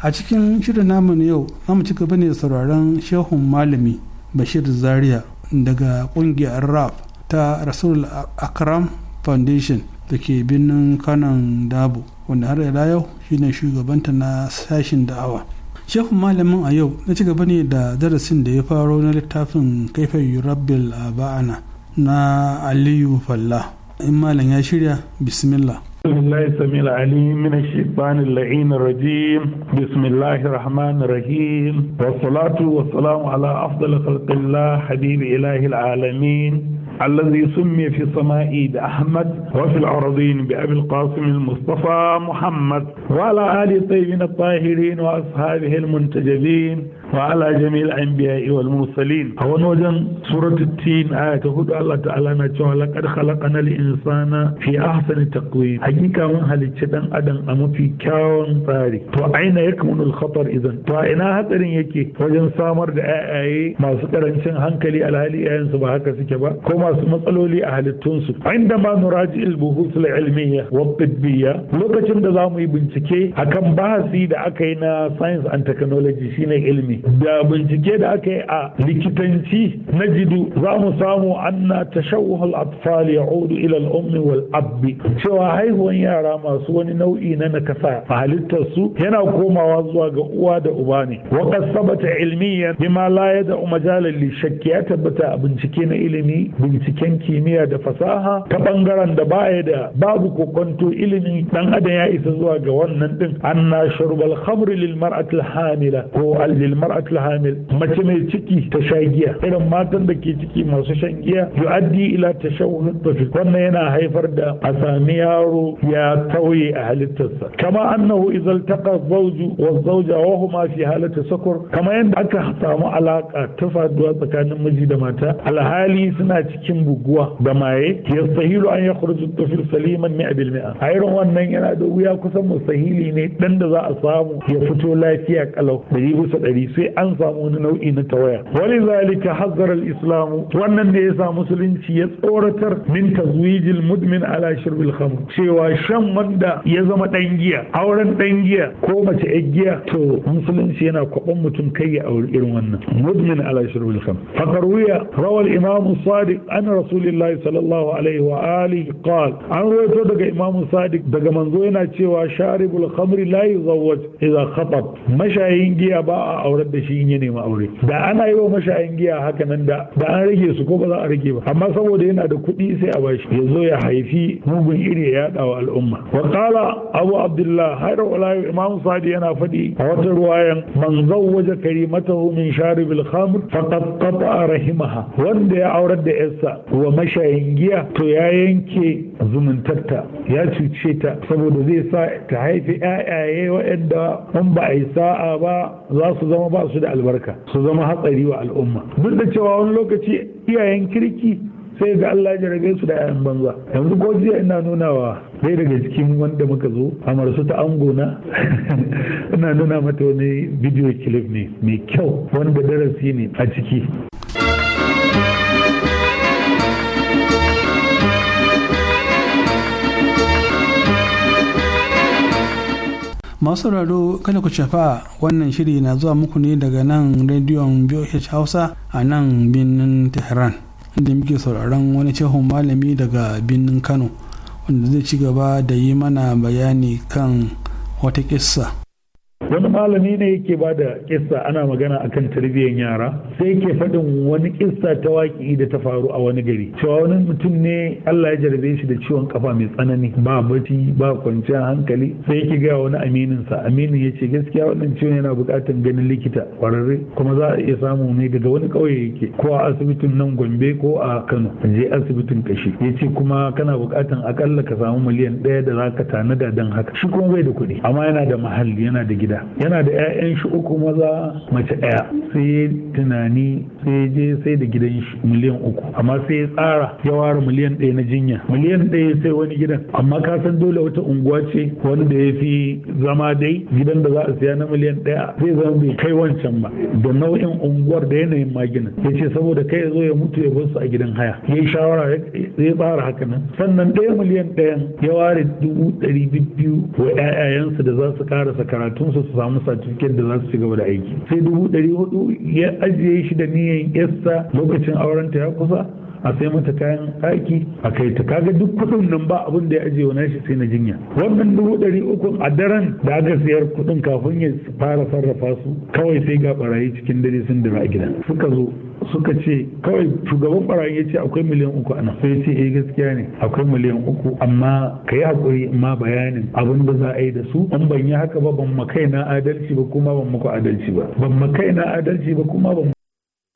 a cikin shirin namu na yau za mu ci gaba ne sauraron shehun malami bashir zaria daga kungiyar rap ta rasul akram foundation da ke birnin kanan dabo wanda har yau shine shugabanta na sashin da'awa shehun malamin a yau na ci gaba ne da darasin da ya faro na littafin kaifar yurabbil a ba'ana na aliyu falla in malam ya shirya bismillah بالله السميع العليم من الشيطان اللعين الرجيم بسم الله الرحمن الرحيم والصلاة والسلام على أفضل خلق الله حبيب إله العالمين الذي سمي في السماء بأحمد وفي الأرضين بأبي القاسم المصطفى محمد وعلى آل الطيبين الطاهرين وأصحابه المنتجبين وعلى جميع الأنبياء والمرسلين أولا وجن سورة التين آية تقول الله تعالى نتوى لقد خلقنا الإنسان في أحسن تقويم حقيقة من هل تشتن أدن أم في كاون فاري وأين يكمن الخطر إذا وأين هتر يكي وجن سامر دعائي ما سكر انشان هنكلي على هالي أين سبا هكا سكبا كما سمطلو لي أهل التنسو عندما نراجع البحوث العلمية والطبية لوكا شمد زامي بنتكي هكم بحثي دعاكينا ساينس أند تكنولوجي شيني علمي da bincike da aka yi a likitanci na jidu za mu samu anna tashawuhul atfal ya'udu ila al-ummi wal abbi cewa haihuwan yara masu wani nau'i na nakasa a halittar su yana komawa zuwa ga uwa da uba ne wa qad sabata ilmiyan bima la yad'u majalan li shakki ya tabbata a bincike na ilimi binciken kimiyya da fasaha ta bangaren da baya da babu kokonto ilimi dan adam ya isa zuwa ga wannan din anna shurbal khamri lil mar'ati al hamila ko al lil mar'atul hamil mace mai ciki ta sha giya irin matan da ke ciki masu shan giya yu'addi ila tashawwud tafi wannan yana haifar da a sami yaro ya tauye a halittarsa kama annahu idzal taqa zawju wa zawja wa huma fi halati sukur kama yanda aka samu alaka ta faduwa tsakanin miji da mata alhali suna cikin buguwa da maye yastahilu an yakhruju tafil saliman mi'a a irin wannan yana da wuya kusan mustahili ne dan da za a samu ya fito lafiya kalau dari bisa dari sai an samu wani nau'i na tawaya wani zalika hazzar al-islam wannan ne yasa musulunci ya tsoratar min tazwijil mudmin ala shirbil khamr cewa shan wanda ya zama dan giya auren dan giya ko mace yar giya to musulunci yana kwaban mutum kai ya auri irin wannan mudmin ala shirbil khamr faqarwiya rawal imam sadiq an rasulillah sallallahu alaihi wa alihi qal an rawaito daga imam sadiq daga manzo yana cewa sharibul khamri la yuzawwaj idza khatab mashayin giya ba a auren da shi in ya nemi aure da ana yi wa mashayin giya haka nan da da an rage su ko ba za a rage ba amma saboda yana da kuɗi sai a bashi ya zo ya haifi mugun iri ya wa al'umma wa qala abu abdullah hayra wala imam sadi yana faɗi a wata ruwayan man zawwaja karimatahu min sharibil khamr faqad qata'a rahimaha wanda ya aurar da yarsa wa mashayin giya to ya yanke zumuntarta ya cuce ta saboda zai sa ta haifi 'ya'yaye waɗanda in ba a yi sa'a ba za su zama ba su da albarka su zama hatsari wa al'umma duk da cewa wani lokaci iyayen kirki sai ga Allah ya jarabe su da ayan banza yanzu ko jiya ina nuna wa daga cikin wanda muka zo a ta ango na *laughs* ina nuna mata wani bidiyo kilif ne mai kyau wanda darasi ne a ciki masu sauraro kada ku shafa wannan shiri na zuwa muku ne daga nan rediyon boh hausa a nan birnin tehran inda muke sauraron wani cehun malami daga birnin kano wanda zai ci gaba da yi mana bayani kan wata kissa wani malami ne yake ba da kissa ana magana akan tarbiyyar yara sai yake faɗin wani kissa ta waki da ta faru a wani gari cewa wani mutum ne Allah ya jarabe shi da ciwon kafa mai tsanani ba bacci ba kwanciyar hankali sai yake gaya wani aminin sa aminin ya ce gaskiya wannan ciwon yana buƙatar ganin likita kwararre kuma za a iya samu ne daga wani ƙauye yake ko a asibitin nan Gombe ko a Kano je asibitin kashi ya ce kuma kana buƙatar akalla ka samu miliyan ɗaya da za ka tanada don haka shi kuma bai da kuɗi amma yana da mahalli yana da gida gida yana da 'ya'yan shi uku maza mace ɗaya sai ya tunani sai je sai da gidan shi miliyan uku amma sai ya tsara ya ware miliyan ɗaya na jinya miliyan ɗaya sai wani gidan amma ka san dole wata unguwa ce wani da ya fi zama dai gidan da za a siya na miliyan ɗaya zai zama bai kai wancan ba da nau'in unguwar da yanayin maginin ya ce saboda kai ya zo ya mutu ya bar su a gidan haya ya yi shawara ya tsara haka nan sannan ɗaya miliyan ɗayan ya ware dubu ɗari biyu wa 'ya'yayansu da za su karasa karatunsu su samu satifiket da za su ci gaba da aiki sai dubu ɗari hudu ya ajiye shi da niyan yassa lokacin aurenta ya kusa a sai mata kayan aiki a kai ta kaga duk kudin nan ba abin da ya ajiye wa shi sai na jinya wannan dubu ɗari uku a daren da aka sayar kuɗin kafin ya fara sarrafa su kawai sai ga barayi cikin dare sun dira a gidan suka zo suka ce kawai shugaban barayi ya ce akwai miliyan uku a nan. sai ya ce eh gaskiya ne akwai miliyan uku amma ka yi hakuri ma bayanin abin da za a yi da su in ban yi haka ba ban makai na adalci ba kuma ban muku adalci ba ban makai na adalci ba kuma ban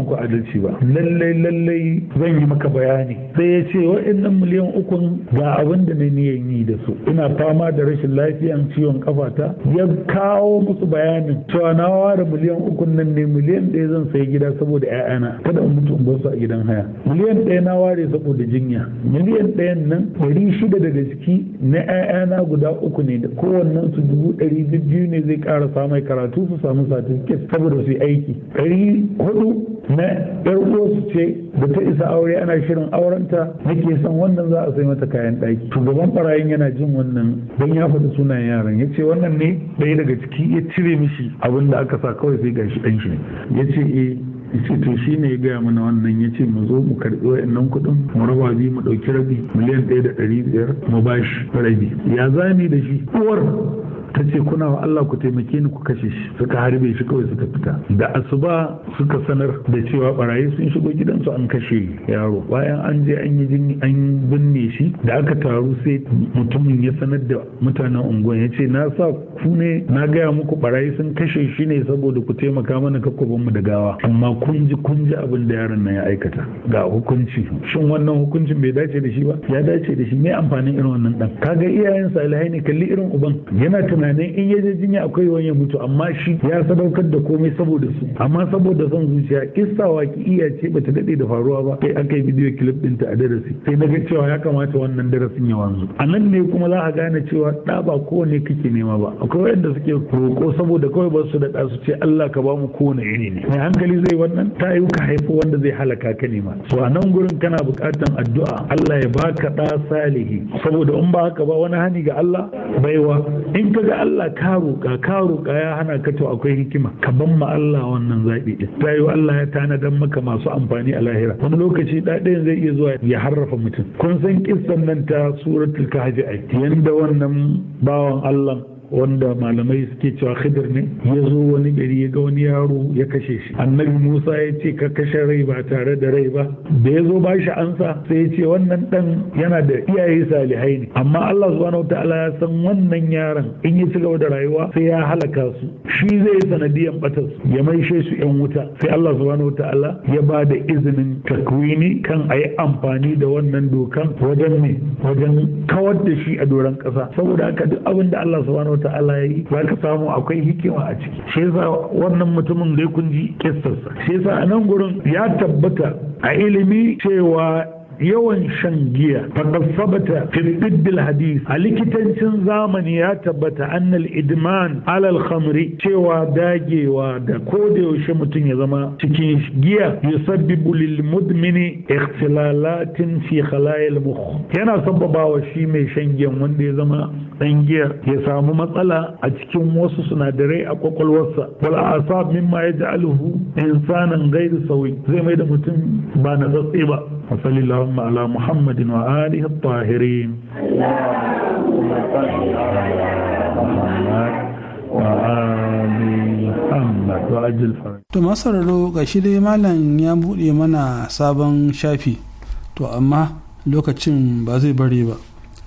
ku adalci ba lallai lallai zan yi maka bayani sai ya ce wa'annan miliyan uku ga abin da na niyan yi da su ina fama da rashin lafiyan ciwon ta. ya kawo musu bayanin cewa na ware miliyan uku nan ne miliyan ɗaya zan sayi gida saboda 'ya'yana kada in mutu in a gidan haya miliyan ɗaya na ware saboda jinya miliyan ɗaya nan ɗari shida daga ciki na 'ya'yana guda uku ne da kowannen su dubu ɗari biyu ne zai ƙara samai karatu su samu satifiket saboda su yi aiki ɗari hudu na yar uwarsu ce da ta isa aure ana shirin aurenta nake San wannan za a sai mata kayan ɗaki shugaban barayin yana jin wannan don ya faɗi sunayen yaran ya ce wannan ne ɗaya daga ciki ya cire mishi abin da aka sa kawai sai gashi ɗan shi ne ya ce eh, ya ce to shi ne ya gaya mana wannan ya ce mu zo mu karɓi wa'annan kuɗin mu raba biyu mu ɗauki rabi miliyan ɗaya da ɗari biyar mu bashi rabi ya zami da shi uwar ta ce kuna wa Allah ku taimake ni ku kashe shi suka harbe shi kawai suka fita da asuba suka sanar da cewa barayi sun shigo gidansu an kashe yaro bayan an je an yi jini an binne shi da aka taru sai mutumin ya sanar da mutanen unguwan ya ce na sa ku ne na gaya muku barayi sun kashe shi ne saboda ku taimaka mana kakkwaban mu da gawa amma kun ji kun ji abin da yaron nan ya aikata ga hukunci shin wannan hukuncin bai dace da shi ba ya dace da shi me amfanin irin wannan dan kaga iyayen salihai ne kalli irin uban yana tunanin in ya je jinya akwai wani ya mutu amma shi ya sadaukar da komai saboda su amma saboda son zuciya kissa waki iya ce bata daɗe da faruwa ba sai aka yi bidiyo clip ta a darasi sai na ga cewa ya kamata wannan darasin ya wanzu a nan ne kuma za a gane cewa da ba kowane kake nema ba akwai wanda suke roƙo saboda kawai ba su da ɗa su ce Allah ka ba mu kowane iri ne mai hankali zai wannan ta yi ka haifi wanda zai halaka ka nema Su a nan gurin kana buƙatan addu'a Allah ya baka ɗa salihi saboda in ba haka ba wani hani ga Allah baiwa in ka ga Allah ka roƙa ka roƙa ya hana ka to akwai hikima ka ban ma Allah wannan zaɓi din tayo Allah ya tanadan maka masu amfani a lahira wani lokaci ɗaɗayan zai iya zuwa ya harrafa mutum kun san kissan nan ta suratul kahfi ai yanda wannan bawan Allah wanda malamai suke cewa khidir ne ya zo wani gari ya ga wani yaro ya kashe shi annabi musa ya ce ka kashe rai ba tare da rai ba da ya zo ba shi ansa sai ya ce wannan dan yana da iyaye salihai ne amma allah subhanahu ta'ala ya san wannan yaron in ya cigaba da rayuwa sai ya halaka su shi zai sanadiyan batar su ya maishe su yan wuta sai allah subhanahu ta'ala ya ba da izinin takwini kan a yi amfani da wannan dokan wajen ne wajen kawar da shi a doron kasa saboda haka duk abin da allah subhanahu ta'ala ya yi za ka samu akwai hikima a ciki shi yasa wannan mutumin zai kun ji kistarsa shi yasa a nan gurin ya tabbata a ilimi cewa yawan shan giya faqad sabata fi tibb hadith a likitancin zamani ya tabbata annal idman al khamri cewa dagewa da koda yaushe mutum ya zama cikin giya yusabbibu lil mudmini ikhtilalatin fi khalayil mukh yana sababawa shi mai shan giyan wanda ya zama dan giya ya samu matsala a cikin wasu sinadarai a kwakwalwarsa wal asab mimma yaj'aluhu insanan ghairu sawi zai mai da mutum ba na tsatse ba sallallahu اللهم على محمد وآله الطاهرين to masararo ga shi dai malam ya buɗe mana sabon shafi to amma lokacin ba zai bari ba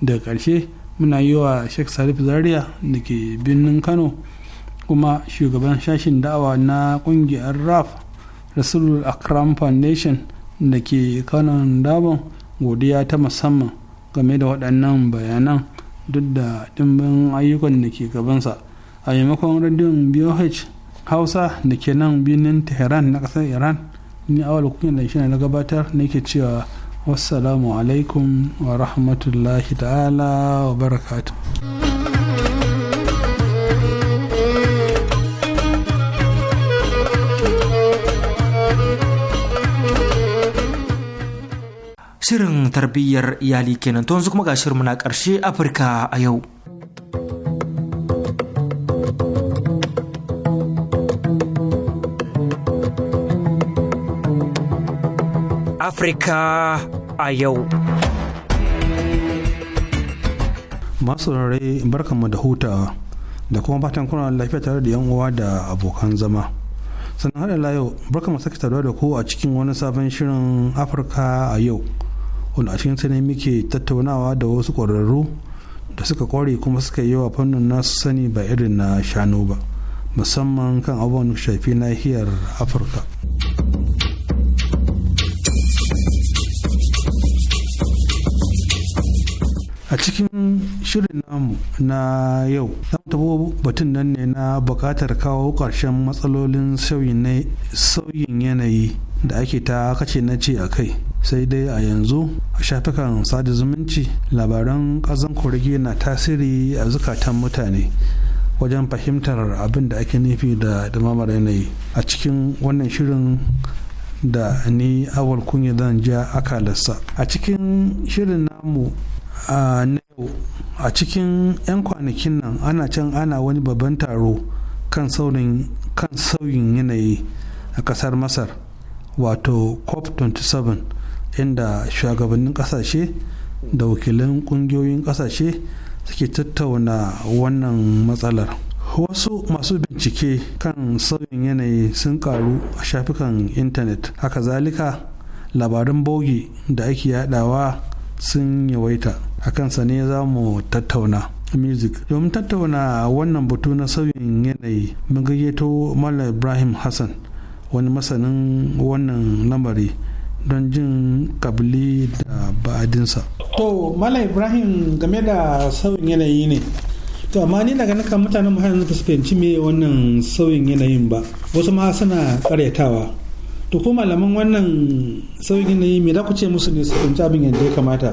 daga ƙarshe muna yi wa sheikh salif zaria da ke birnin kano kuma shugaban shashin da'awa na ƙungiyar raf rasulul akram foundation da ke kanan dabon godiya ta musamman game da waɗannan bayanan duk da ɗimbin ayyukan da ke gabansa a maimakon radiyon boh hausa da ke nan birnin tehran na ƙasar iran ni awal kunya da shi na gabatar ke cewa wassalamu alaikum wa rahmatullahi ta'ala wa barakatuh Shirin tarbiyyar iyali kenan to yanzu kuma ga shirin na karshe Afirka a yau. Afirka a yau. Masu rarrai barkanmu da huta da kuma fatan kuna lafiya tare da yan uwa da abokan zama. Sannan haɗa layo barkanmu sake taruwa da ku a cikin wani sabon shirin Afirka a yau. wanda a cikin ne muke tattaunawa da wasu ƙwararru da suka ƙware kuma suka yi wa fannin nasu sani ba irin na shanu ba musamman kan abubuwan shafi nahiyar afirka a cikin shirin namu na yau za mu tabo batun nan ne na bukatar kawo ƙarshen matsalolin sauyin yanayi da ake ta kace na ce a kai sai dai a yanzu a shafukan sada zumunci labaran ƙazan kurege na tasiri a zukatan mutane wajen fahimtar abin da ake nufi da dumamar yanayi a cikin wannan shirin da ni awal kunya zan ja akalarsa a cikin shirin namu a yau a cikin 'yan kwanakin nan ana can ana wani babban taro kan saurin kan sauyin yanayi a kasar masar wato cop 27 inda shugabannin kasashe da wakilan kungiyoyin kasashe suke tattauna wannan matsalar wasu masu bincike kan sauyin yanayi sun karu a shafukan intanet haka zalika labarin bogi da ake yadawa sun yawaita a kansa ne za mu tattauna music domin tattauna wannan batu na sauyin yanayi mun gayyato malam ibrahim hassan wani masanin wannan lamari don jin kabli da ba'adinsa. To Mala Ibrahim game da sauyin yanayi ne. To amma ni daga nika mutanen mu da su fahimci me wannan sauyin yanayin ba. Wasu ma suna karyatawa. To ko malaman wannan sauyin yanayi me za ku ce musu ne su fahimci abin yadda ya kamata?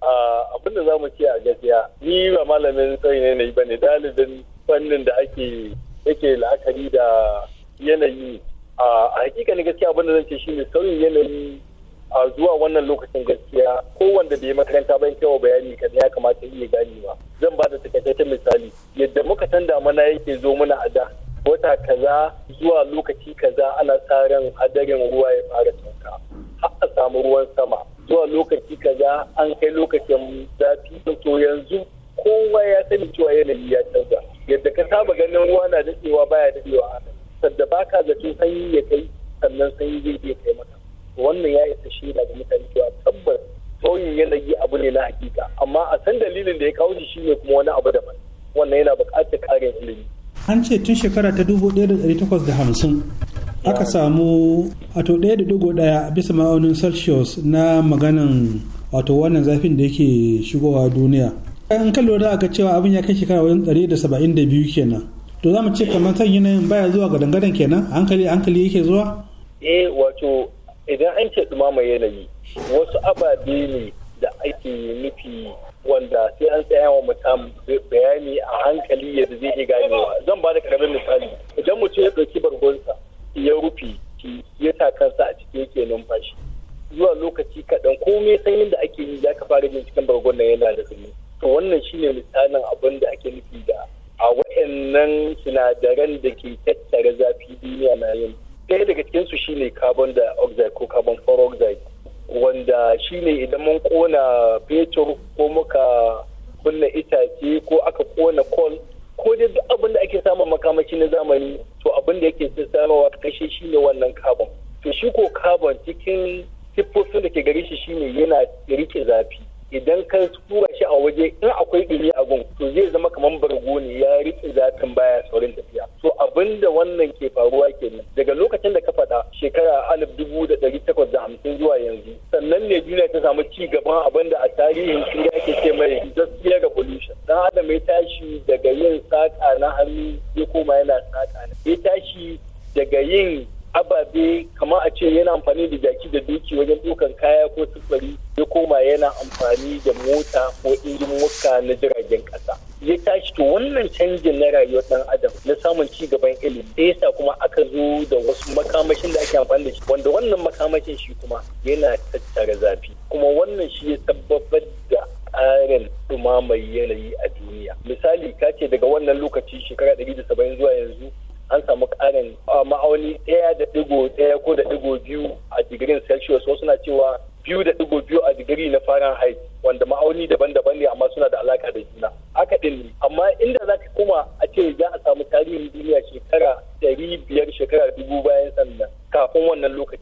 Ah, abin da za mu ce a gaskiya ni ba malamin sauyin yanayi ba ne dalibin fannin da ake yake la'akari da yanayi a hakika ne gaskiya abinda zan ce shine sauyin yanayi a zuwa wannan lokacin gaskiya kowanda bai makaranta ba wa bayani kan ya kamata iya ba. zan ba da takaitaccen misali yadda muka san damana yake zo muna a da wata kaza zuwa lokaci kaza ana sa ran hadarin ruwa ya fara sauka har a samu ruwan sama zuwa lokaci kaza an kai lokacin zafi to yanzu kowa ya sani cewa yanayi ya canza yadda ka saba ganin ruwa na daɗewa baya daɗewa a nan sadda ba ka zaton sanyi ya kai sannan sanyi zai ya kai maka wannan ya isa shaida ga mutane cewa tabbas sauyin yanayi abu ne na hakika amma a san dalilin da ya kawo shi shine kuma wani abu daban wannan yana buƙatar ƙarin ilimi an ce tun shekara ta dubu ɗaya da ɗari takwas da hamsin aka samu wato ɗaya da dugo ɗaya bisa ma'aunin celsius na maganan wato wannan zafin da yake shigowa duniya in kan lura aka cewa abin ya kai shekara wajen ɗari da saba'in da biyu kenan to za mu ce kamar kan yanayin baya zuwa ga dangaren kenan hankali hankali yake zuwa eh wato idan an ce dumama yanayi wasu ababe ne da ake nufi wanda sai an tsaya wa mutum bayani a hankali yadda zai yi ganewa zan ba da karamin misali idan mutum ya ɗauki bargonsa ya rufe ya sa kansa a cikin yake numfashi zuwa lokaci kaɗan komai sanyin da ake yi ya ka fara jin cikin bargon nan yana da sanyi to wannan shine misalin abin da ake nufi da a waɗannan sinadaran da ke tattara zafi duniya na yin ɗaya daga cikinsu shine carbon dioxide ko carbon peroxide wanda shine idan mun kona fetur ko muka kunna itace ko aka kona kol ko dai duk abin da ake samun makamashi na zamani to abin da yake samarwa kashe shine wannan carbon to shi ko carbon cikin siffofin da ke gare shi shine yana rike zafi idan ka kura shi a waje in akwai ɗumi a gun to zai zama kamar bargo ne ya riƙe zatin baya saurin tafiya to abinda wannan ke faruwa ke kenan daga lokacin da ka faɗa shekara alif dubu da ɗari takwas da hamsin zuwa yanzu sannan ne duniya ta samu ci gaban abinda a tarihin turai ke ce mai gaskiya ga pollution dan adam ya tashi daga yin saƙa na hannu ya koma yana saƙa ya tashi daga yin ababe kama a ce yana amfani da jaki da duki wajen dukan kaya ko sufuri ya koma yana amfani da mota ko injin wuka na jiragen kasa. ya tashi to wannan canjin na rayuwar dan adam na samun ci gaban ilimi da yasa kuma aka zo da wasu makamashin da ake amfani da shi wanda wannan makamashin shi kuma yana tattara zafi kuma wannan shi ya tabbatar da tsarin dumamar yanayi a duniya misali ka ce daga wannan lokaci shekara 170 zuwa yanzu an samu ƙarin ma'auni ɗaya da ɗigo ɗaya ko da ɗigo biyu a digirin celsius wasu na cewa biyu da ɗigo biyu a digiri na fahrenheit wanda ma'auni daban-daban ne amma suna da alaka da juna haka ɗin ne amma inda za ka koma a ce za a samu tarihin duniya shekara ɗari biyar shekara dubu bayan sannan kafin wannan lokaci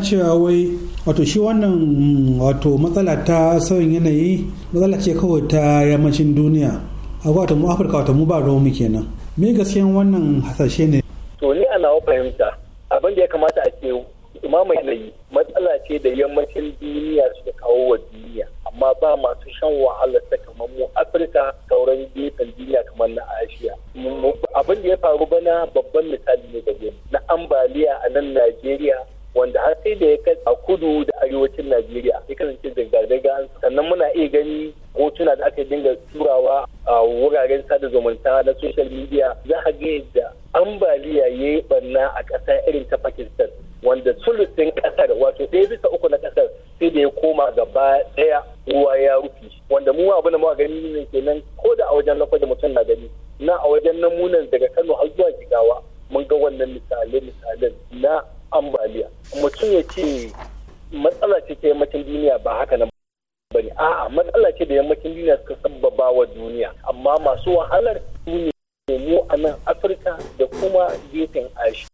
cewa wai wato shi wannan wato matsala ta sauyin yanayi matsala ce kawai ta yammacin duniya a wato mu afirka wato mu ba ruwan mu kenan me gaskiyan wannan hasashe ne sulusin kasar wato ɗaya bisa uku na kasar sai da ya koma gaba ɗaya ruwa ya rufe wanda mu abu da muka gani ne kenan ko da a wajen lafa da mutum na gani na a wajen namunan daga Kano har zuwa Jigawa mun ga wannan misale misalan na ambaliya mutum ya ce matsala ce ta yammacin duniya ba haka nan ne a'a matsala ce da yammacin duniya suka sabbaba wa duniya amma masu wahalar su ne mu a nan Afirka da kuma gefen Ashi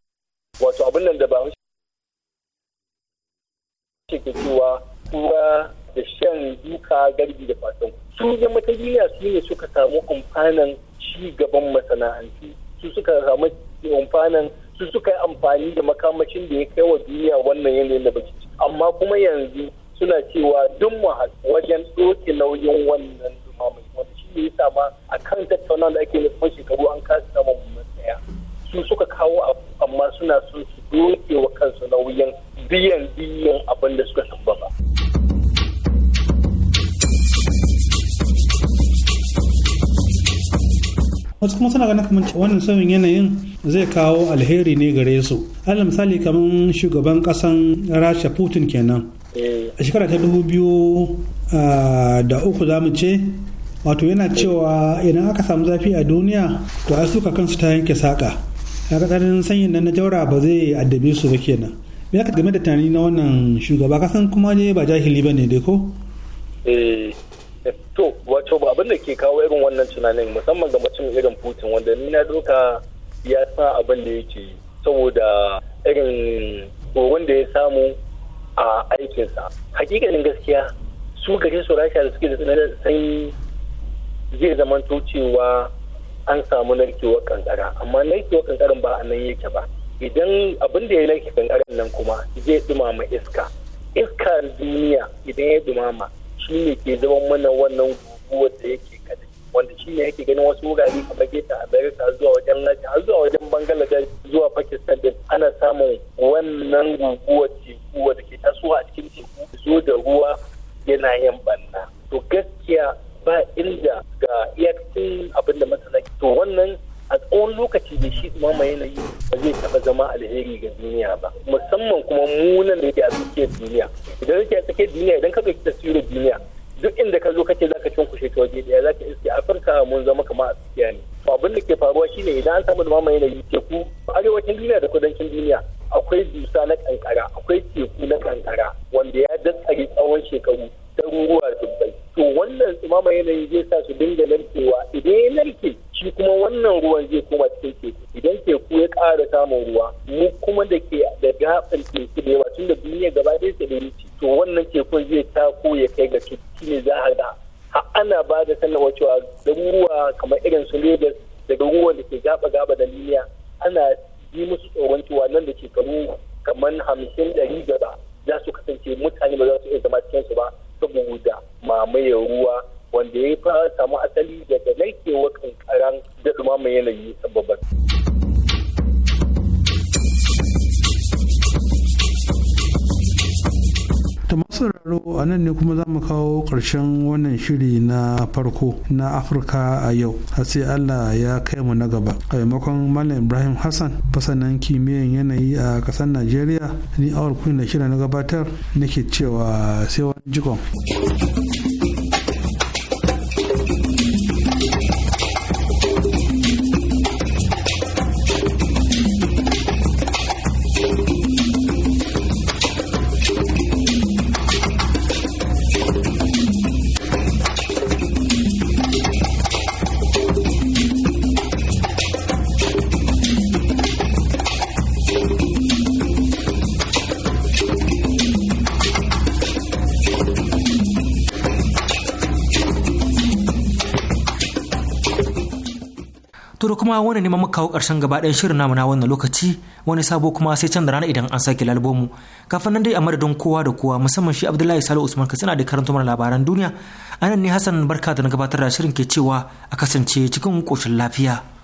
wato abin nan da ba duka garbi da fatan sun zama ta duniya su ne suka samu amfanan ci gaban masana'antu su suka samu amfanan su suka yi amfani da makamacin da ya kai wa duniya wannan yanayin da baki amma kuma yanzu suna cewa duk wajen ɗoke nauyin wannan dumamai wanda shi ne yasa ma a kan tattaunawa da ake nufin shekaru an kasa samun matsaya su suka kawo abu amma suna son su doke wa kansu nauyin biyan biyan abin da suka sababa. wasu kuma suna ganin kamar wannan sauyin yanayin zai kawo alheri ne gare su alal misali kamar shugaban kasan rasha putin kenan a shekara ta dubu biyu ah, da uku za mu ce wato yana cewa idan aka samu zafi a duniya to a suka kansu ta yanke saƙa a ƙasarin sanyin nan na jaura ba zai addabe su ba kenan me aka game da tunani na wannan shugaba kasan kuma ne ba jahili ba ne dai ko eh, to wato ba abin da ke kawo irin wannan tunanin musamman ga mutum irin putin wanda ni na doka ya san abin da yake saboda irin horon da ya samu a aikinsa hakikalin gaskiya su gare su rasha da suke da tsananin sanyi zai zama cewa an samu narkewar kankara amma narkewar kankaran ba a nan yake ba idan abin da ya narke kankaran nan kuma zai dumama iska iska duniya idan ya dumama shi ne ke zama mana wannan guguwar da yake kadai wanda shi ne yake ganin wasu wurare kamar a america zuwa wajen laji a zuwa wajen bangaladesh zuwa pakistan din ana samun wannan guguwar teku wanda ke tasowa a cikin teku zo da ruwa yana yin banna to gaskiya ba inda ga iyakacin abin da masana to wannan a tsawon lokaci da shi ma yanayi ba zai taɓa zama alheri ga duniya ba musamman kuma munan nan da yake a tsakiyar duniya idan yake a duniya idan ka ɗauki da duniya duk inda ka zo kace zaka cunkushe ta waje daya zaka iske afirka mun zama kama a tsakiya ne to abin da ke faruwa shine idan an samu dumama yanayi teku arewacin duniya da kudancin duniya akwai dusa na kankara akwai teku na kankara wanda ya daskare tsawon shekaru ɗaruruwa dubbai to wannan tsumama yanayi zai sa su dinga narkewa idan ya narke shi kuma wannan ruwan zai koma cikin teku idan teku ya ƙara samun ruwa mu kuma da ke da gaɓar teku da yawa tunda duniya gaba ɗaya ta da to wannan tekun zai tako ya kai ga cuti ne za a ga ana ba da sanarwa cewa daruruwa kamar irin su Lagos da garuruwan da ke gaba gaba da duniya ana yi musu tsoron cewa nan da shekaru kamar hamsin ɗari gaba za su kasance mutane ba za su iya zama cikinsu ba saboda mamaye ruwa wanda ya fara samu asali daga naikewa kankaran da dumama yanayi sababbin. ta masu raro a nan ne kuma za mu kawo ƙarshen wannan shiri na farko na afirka a yau sai allah ya kai mu na gaba a maimakon malam ibrahim hassan fasanan kimiyyan yanayi a ƙasar najeriya ni awar kun da shirin na gabatar nake cewa sai wani jikon. kuma wani neman muka kawo ƙarshen gaba ɗayan shirin namu na wannan lokaci wani sabo kuma sai can da rana idan an sake lalbomu kafin nan dai a madadin kowa da kowa musamman shi Abdullahi Salo Usman Katsina da karanta mana labaran duniya anan ne Hassan barka da na gabatar da shirin ke cewa a kasance cikin koshin lafiya.